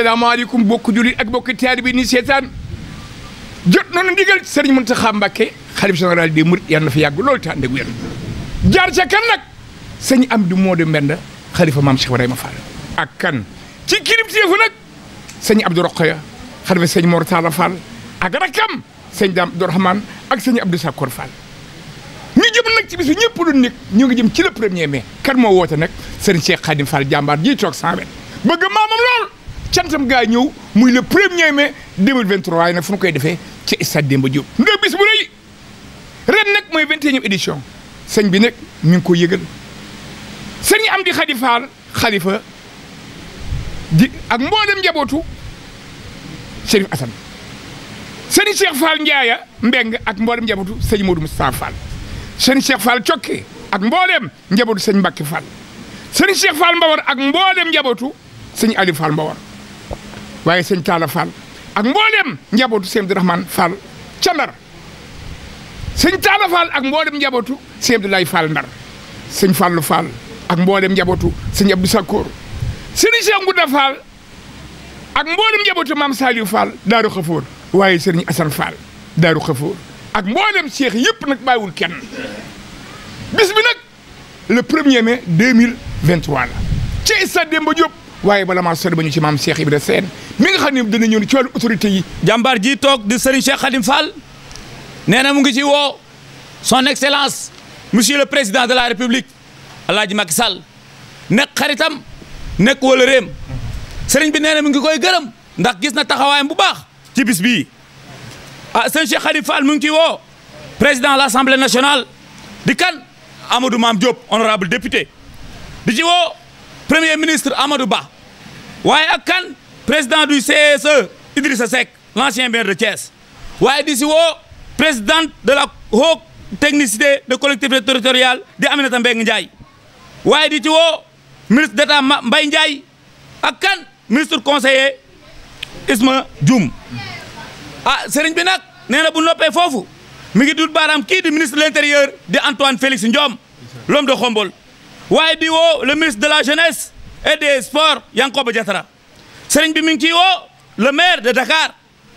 asalaamaaleykum bokku jullit ak bokku taalibe bi ni seetaan jot nañu ndigal sëriñ Mountakha Mbacké xalif général des mourides yal na fi yàgg loolu te ànd ak wér jaar ca kan nag sëñ Amdi Modou Mbenda xalifa maam Cheikh Ibrahima Fall ak kan ci kilifteefu nag sëñ Abdou Rokhaya xalifa sëñ Mor Talla Fall ak rakam sëñ Dame Abdourahmane ak sëñ Abdou Sakor Fall ñu jëm nag ci bisu ñëpp lu nekk ñu ngi jëm ci le premier mai kan moo woote nag sëriñ cantam gaa ñëw muy le premier mai 2023 waaye nag fu ñu koy defee ci stade Demba Diop. nga bis bu rëy ren nag mooy vingt et unième édition sëñ bi nag mi ngi ko yëgal sëñ am di xalifaal xalifa di ak mboolem njabootu Chérif Assane sëñ Cheikh Fall Ndiaye Mbeng ak mboolem njabootu sëñ Modou Moustapha Fall sëñ Cheikh Fall Cokke ak mboolem njabootu sëñ Mbacke Fall sëñ Cheikh Fall Mbawar ak mboolem njabootu sëñ Aliou Fall Mbawar. waaye sëñ Talla Fall ak mboolem njabootu seen Abdou Rahman Fall ca Ndar sëñ Talla Fall ak mboolem njabootu sëñ Abdoulaye Fall Ndar sëñ Fallou Fall ak mboolem njabootu sëñ Abdou Sakkoor sëriñ Cheikh Ngouda Fall ak mboolem njabootu maam Saliou Fall Daaru Xafoor waaye sëriñ Assane Fall Daaru Xafoor ak mboolem Cheikh yëpp nag bàyyiwul kenn bis bi nag le premier mai 2023 la ci stade Demba Diop waaye bala maa sori ba ñu ci maam Cheikh Ibra Sène mi nga xam ne dina ñëw ci wàllu autorité yi. jii toog di Serigne Cheikh Khadim Fall nee na mu ngi ci woo son excellence monsieur le président de la république El ji Macky Sall nekk xaritam nekk wala réem Serigne bi nee na mu ngi koy gërëm ndax gis na taxawaayam bu baax ci bis bii ah sëñ Cheikh Khadim Fall mu ngi ciy woo président de l' assemblée nationale di kan Amadou Mame Diop honorable député di ci woo. premier ministre Amadou Ba waaye ak kan président du CSE Idrissa Seck l'ancien maire de Thiès waaye di si woo présidente de la haute technicité de collectivité territoriale di Aminata Mbengue Ndiaye waaye di ci woo ministre d'État mbay Ndiaye ak kan ministre conseiller Isma Dioum a ah, seriñ bi nag nee na bu noppee foofu mi ngi dul baaraam kii di ministre l'intérieur di Antoine Félix Ndiome l'homme de Khombole waaye di woo le ministre de la jeunesse et des sports Yankhoba Diattara sëriñ bi mi ngi ciy woo le maire de Dakar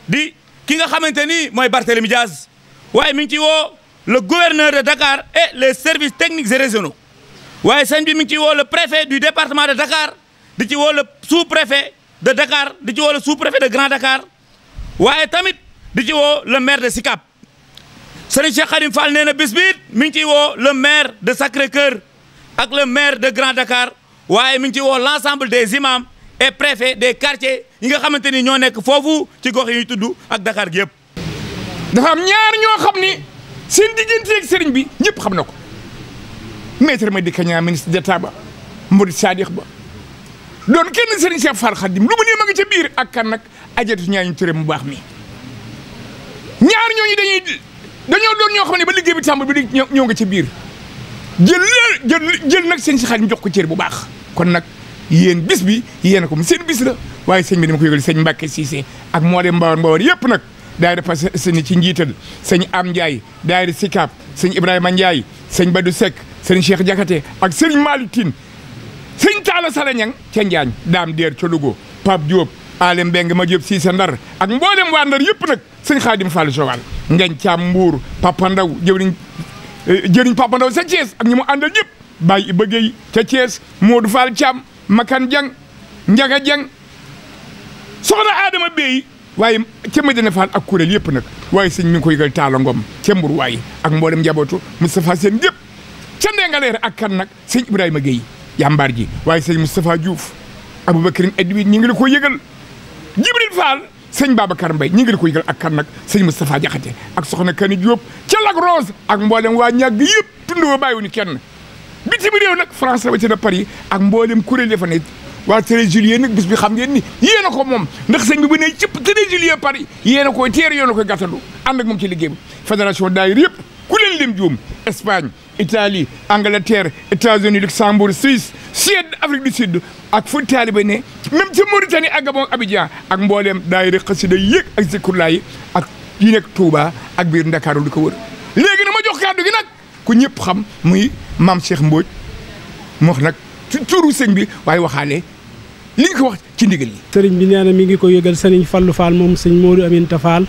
di ki nga xamante ni mooy Barthélémy Diaz waaye mi ngi ciy woo le gouverneur de Dakar et les service technique et régionaux waaye sëriñ bi mi ngi ciy woo le préfet du département de Dakar di ci woo le sous-préfet de Dakar di ci woo le sous-préfet de Grand Dakar waaye tamit di ci woo le maire de Sicap sëriñ Cheikh Khadim Fall nee na bis biit mi ngi ciy woo le maire de Sacré-Cœur ak le maire de Grand Dakar waaye mi ngi ci woo l' ensemble des imams et préfets des quartiers yi nga xamante ni ñoo nekk foofu ci gox yi ñu tudd ak Dakar gi yëpp. dafa am ñaar ñoo xam ni seen digganteeg sëriñ bi ñëpp xam na ko maître Madické Niang ministre d'État ba Mourid Sadikh ba doon kenn sëriñ Cheikh Fall Khadim lu mu ne ma ca biir ak kan nag ajatu ñaar ñu mu baax mi ñaar ñooñu dañuy dañoo doon ñoo xam ne ba liggéey bi tàmbali bi ñëw nga ca biir. jël jël jël nag sëñ si xaadim jox ko cër bu baax kon nag yéen bis bi yéen ko mu seen bis la waaye sëñ bi dama ko sëñ Mbàkke Cissé ak moo dem Mbawar Mbawar yëpp nag daayira parce que sëñ ci njiital sëñ Am Ndiaye daayira Sikap sëñ Ibrahima Ndiaye sëñ Badou Seck sëñ Cheikh Diakhaté ak sëñ Malick tiin sëñ Talla Salañang ca Njaañ Daam Deer ca Louga Pape Diop Alem Mbeng ma Diop Cissé Ndar ak mboolem waa Ndar yëpp nag sëñ Xaadim Fall Joal ngañ Caam Mbuur Papa Ndaw jëwriñ Eh, jëriñ Papa Ndaw sa Thiès ak ñi mu àndal ñëpp Baye Iba Guèye ca Thiès Modou Fall Thiam Makan Dieng Ndiaga Dieng soxna Adama Bey waaye ca Medina Fall ak kuréel yëpp nag waaye sëñ mi ngi ko yëgal Talla Ngom ca Mbour waaye ak mboolem njabootu Moustapha Sène yëpp ca Ndengaleer ak kan nag sëñ Ibrahima Guèye yàmbaar ji waaye sëñ Moustapha Diouf Aboubacrine Edwin ñu ngi la ko yëgal Jibril Fall sëñ Babacar Mbaye ñi ngi ko yëgal ak kan nag sëñ Moustapha Diakhaté ak soxna Kani Diop ak mboolem waa ñàgg yëpp tundoo bàyyiwuñu kenn bitim réew nag France ba ci na Paris ak mboolem kuréel ya fa ne waa Télé Julien nag bis xam ngeen ni yéen ko moom ndax sëñ bi bu ne cëpp Télé Julien Paris yéen a koy teer yéen a koy gàttandu ànd ak moom ci liggéey bi fédération daayir yëpp ku leen lim juum Espagne Italie Angleterre États-Unis Luxembourg Suisse Suède Afrique du Sud ak même ca Mauritanie ak Gabon Abidjan ak mbooleem daayira xasida yéeg ak zikurlaa yi ak yi nekk Touba ak biir Ndakaaru di ko wër léegi na ma jox kàddu gi nag ku ñëpp xam muy maam Cheikh Mbodj mu wax nag ci turu sëñ bi waaye waxaale li nga ko wax ci ndigg yi. sëriñ bi nee mi ngi ko yëgal sëriñ Fallou Fall moom sëñ Modou Aminta Fall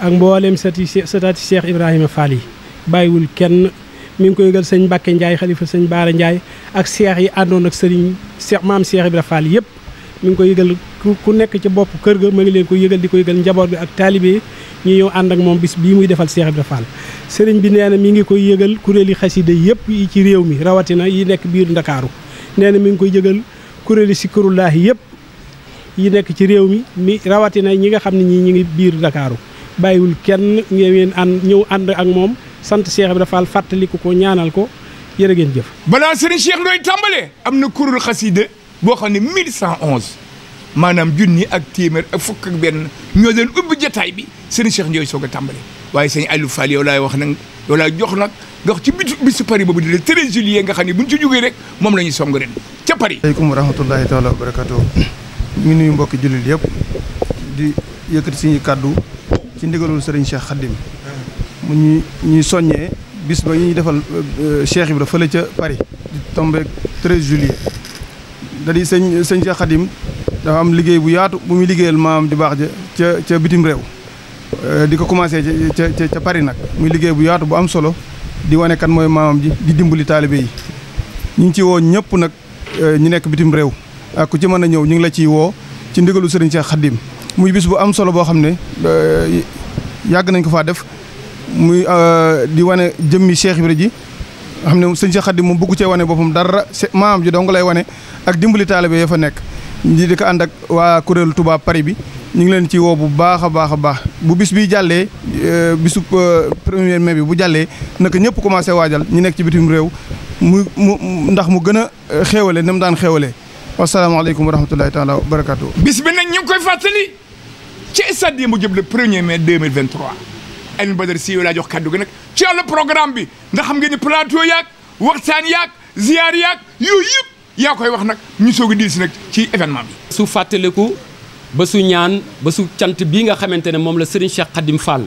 ak mbooleem sati sataati seex Ibrahima Fall yi bàyyiwul kenn. mi ngi koy yëgal sëñ Mbacke Ndiaye xalifa sëñ Baara Ndiaye ak seex yi àndoon ak sëriñ seex maam seex Ibra Fall yëpp mi ngi ko yëgal ku nekk ci bopp kër ga ma ngi leen ko yëgal di ko yëgal njaboot bi ak taalibe ñu ñëw ànd ak moom bis bii muy defal Cheikh Ibra Fall sëriñ bi nee na mi ngi koy yëgal kuréeli xasida yëpp yi ci réew mi rawatina yi nekk biir ndakaaru nee na mi ngi koy yëgal kuréeli sikkurullaahi yëpp yi nekk ci réew mi mi rawatina ñi nga xam ne ñii ñi ngi biir ndakaaru bàyyiwul kenn ngeen ànd ñëw ànd ak moom sant Cheikh Ibra Fall fàttaliku ko ñaanal ko jërë ngeen jëf balaa sëriñ boo xam ne mille cent onze maanaam junni ak téeméer ak fukk ak benn ñoo leen ubbi jataay bi sëriñ Cheikh Ndiaye soog a tàmbale waaye sëñ Aliou Fall yow laay wax nag yow laay jox nag nga wax ci bitu bisu Paris boobu di le treize juillet nga xam ne buñ ci jógee rek moom la ñuy song ren ca Paris. aleykum wa rahmatullahi taala wa barakatuh ñu nuyu mbokki jullit yëpp di suñuy kàddu ci ndigalul sëriñ Cheikh Khadim mu ñu ñuy soññee bis ba ñuy defal euh, Cheikh Ibra fële ca Paris di tombé 13 juillet da di sëñ sëñ Cheikh Khadim dafa am liggéey bu yaatu bu muy liggéeyal maam di baax ja ca ca bitim réew euh, di ko commencé ca ca ca Paris nag muy liggéey bu yaatu bu am solo di wane kan mooy maamam ji di dimbali taalibe yi ñu ngi ci woo ñëpp nag euh, ñu nekk bitim réew ak ku ci mën a ñëw ñu ngi la ciy woo ci ndigalu sëriñ Cheikh Khadim muy bis bu am solo boo xam ne euh, yàgg nañ ko faa def muy di wane jëmmi Cheikh Ibra ji nga xam ne sëñ Cheikh Khadim moom bëggu cee wane boppam dara maam ji dong lay wane ak dimbali taalibe ya fa nekk ñi di ko ànd ak waa kuréelu tubaab Paris bi ñu ngi leen ci woow bu baax a baax a baax bu bis bi jàllee euh, bisu euh, premier mai bi bu jàllee naka ñëpp commencé waajal ñu nekk ci bitim réew mu mu ndax mu gën a euh, xéewale na mu daan xéewale wasalaamaaleykum wa rahmatulahi taala wa barakaatu. bis bi nag ñu ngi koy fàttali ci stade yi mu jëm le premier mai 2023. Alioune Badara Sy yow laa jox kàddu gi nag ci wàllu programme bi nga xam ngeen ni plateau yaag waxtaan yaag ziyaar yaag yooyu yëpp yaa koy wax nag ñu soo a diil si nag ci événement bi. su fàttaliku ba su ñaan ba su cant bii nga xamante ne moom la Serigne Cheikh Khadim Fall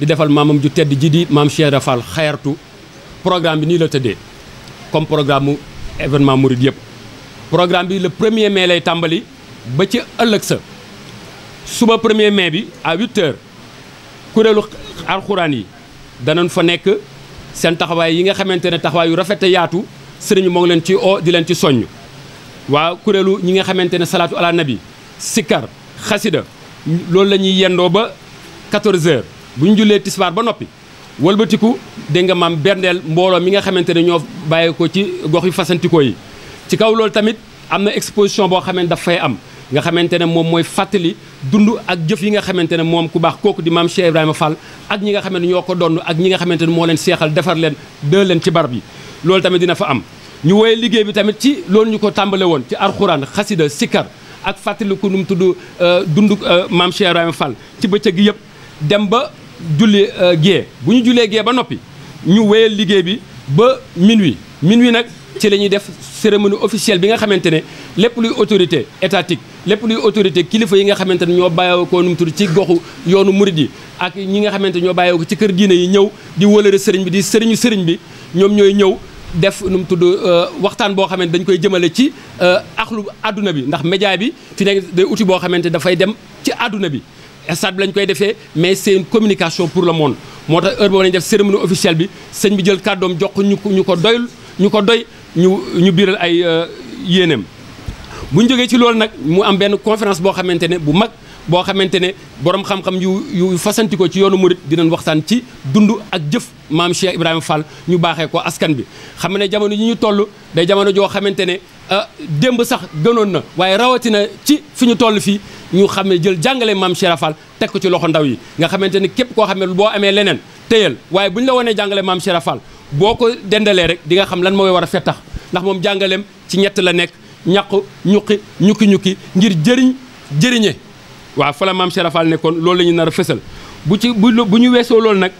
di defal maamam ju tedd ji di maam Cheikh Fall xayartu programme bi nii la tëddee comme programme mu événement Mouride yëpp. programme bi la premier mai lay tàmbali ba ci ëllëg sa suba premier mai bi à huit kuréelu alxuraan yi danañ fa nekk seen taxawaay yi nga xamante ne taxawaay yu rafet yaatu sëriñ moo leen ci o di leen ci soññ waa kuréelu ñi nga xamante ne salaatu ala nabi sikkar xasida loolu la ñuy yendoo ba 14 bu ñu jullee tisbaar ba noppi wëlbatiku dégg nga maam berndeel mbooloo mi nga xamante ne ñoo bàyyi ko ci gox yu fasantikoo yi ci kaw loolu tamit am na exposition boo xam ne daf fay am nga xamante ne moom mooy fàttali dund ak jëf yi nga xamante ne moom ku baax kooku di maam Cheikh Ibrahima ak ñi nga xam ne ñoo ko donn ak ñi nga xamante ne moo leen seexal defar leen dë leen ci barab yi loolu tamit dina fa am ñu woye liggéey bi tamit ci loolu ñu ko tàmbale woon ci alxuraan xasida sikkar ak fàttaliku nu mu tudd euh, dund euh, maam Cheikh Ibrahima ci bëccëg yëpp dem ba julli euh, gée bu ñu jullee gee ba noppi ñu wéyal liggéey bi ba minuit wi nag ci la ñuy def cérémonie officielle bi nga xamante ne lépp luy autorité étatique lépp luy autorité kilifa yi nga xamante ne ñoo bàyyoo ko num tur ci goxu yoonu murid yi ak ñi nga xamante ñoo bàyyoo ko ci kër diine yi ñëw di wëlëre sëriñ bi di sëriñu sëriñ bi ñoom ñooy ñëw def nu mu tudd euh, waxtaan boo xamante dañu koy jëmale ci euh, axlu àdduna bi ndax média bi fi nekk day uti boo xamante dafay dem ci àdduna bi stade bi lañ koy defee mais c'est communication pour le moom moo tax heure boobu lañu def cérémonie officielle bi sëñ bi jël kàddoom jox ko ñu ko doyul ñu ko doy ñu ñu biiral ay euh, yéeneem bu ñu jógee ci loolu nag mu am benn conférence boo xamante ne bu mag boo xamante ne borom xam-xam yu yu fasanti ko ci yoonu murit dinañ waxtaan ci dund ak jëf maam Cheikh Ibrahima Fall ñu baaxee ko askan bi. xam ne jamono yi ñu toll day jamono joo xamante ne ah, démb sax gënoon na waaye rawatina ci fi ñu toll fii ñu xam ne jël jàngale maam Cheikh Fall teg ko ci loxo ndaw yi nga xamante ne képp koo xam ne boo amee leneen téyal waaye bu ñu la wanee jàngale maam Cheikh Fall boo rek di nga xam lan mooy war a fettax ndax moom jàngaleem ci ñett la nekk. ñaqu ñuqi ñukki ñukki ngir jëriñ jëriñe waaw fa la maam Cheikh nekkoon loolu la ñu nar a fésal bu ci bu bu ñu weesoo loolu nag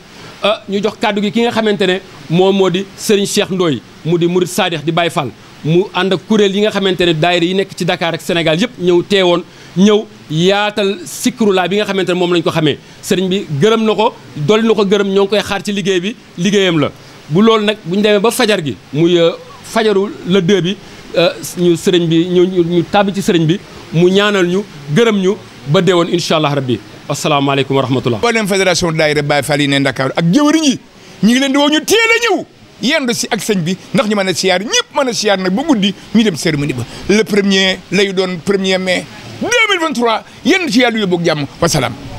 ah ñu jox kàddu gi ki nga xamante ne moom moo di Serigne Cheikh Ndoye mu di Murid Sadix di Baye Fall mu ànd ak kuréel yi nga xamante ne daayira yi nekk ci Dakar Sénégal yëpp ñëw teewoon ñëw yaatal sikrulaa bi nga xamante ne moom lañ ko xamee sëriñ bi gërëm na ko dolli na ko gërëm ñoo ngi koy xaar ci liggéey bi liggéeyam la bu loolu nag bu ñu demee ba fajar gi muy euh, fajaru le deux bi Euh, ñu sëriñ bi ñu ñu tàbbi ci sëriñ bi mu ñaanal ñu gërëm ñu ba woon incha allah rabbi asalaamaaleykum wa rahmatullah mboolem fédération daayira Baye Fall yi ne Ndakaaru ak jëwëriñ yi ñu ngi leen di woo ñu teel a ñëw yendu si ak sëñ bi ndax ñu ma a siyaar ñëpp mën a siyaar nag ba guddi ñu dem cérémonie ba le premier lay doon premier mai 2023 yenn ci yàlla yóbbu ak jàmm wasalaam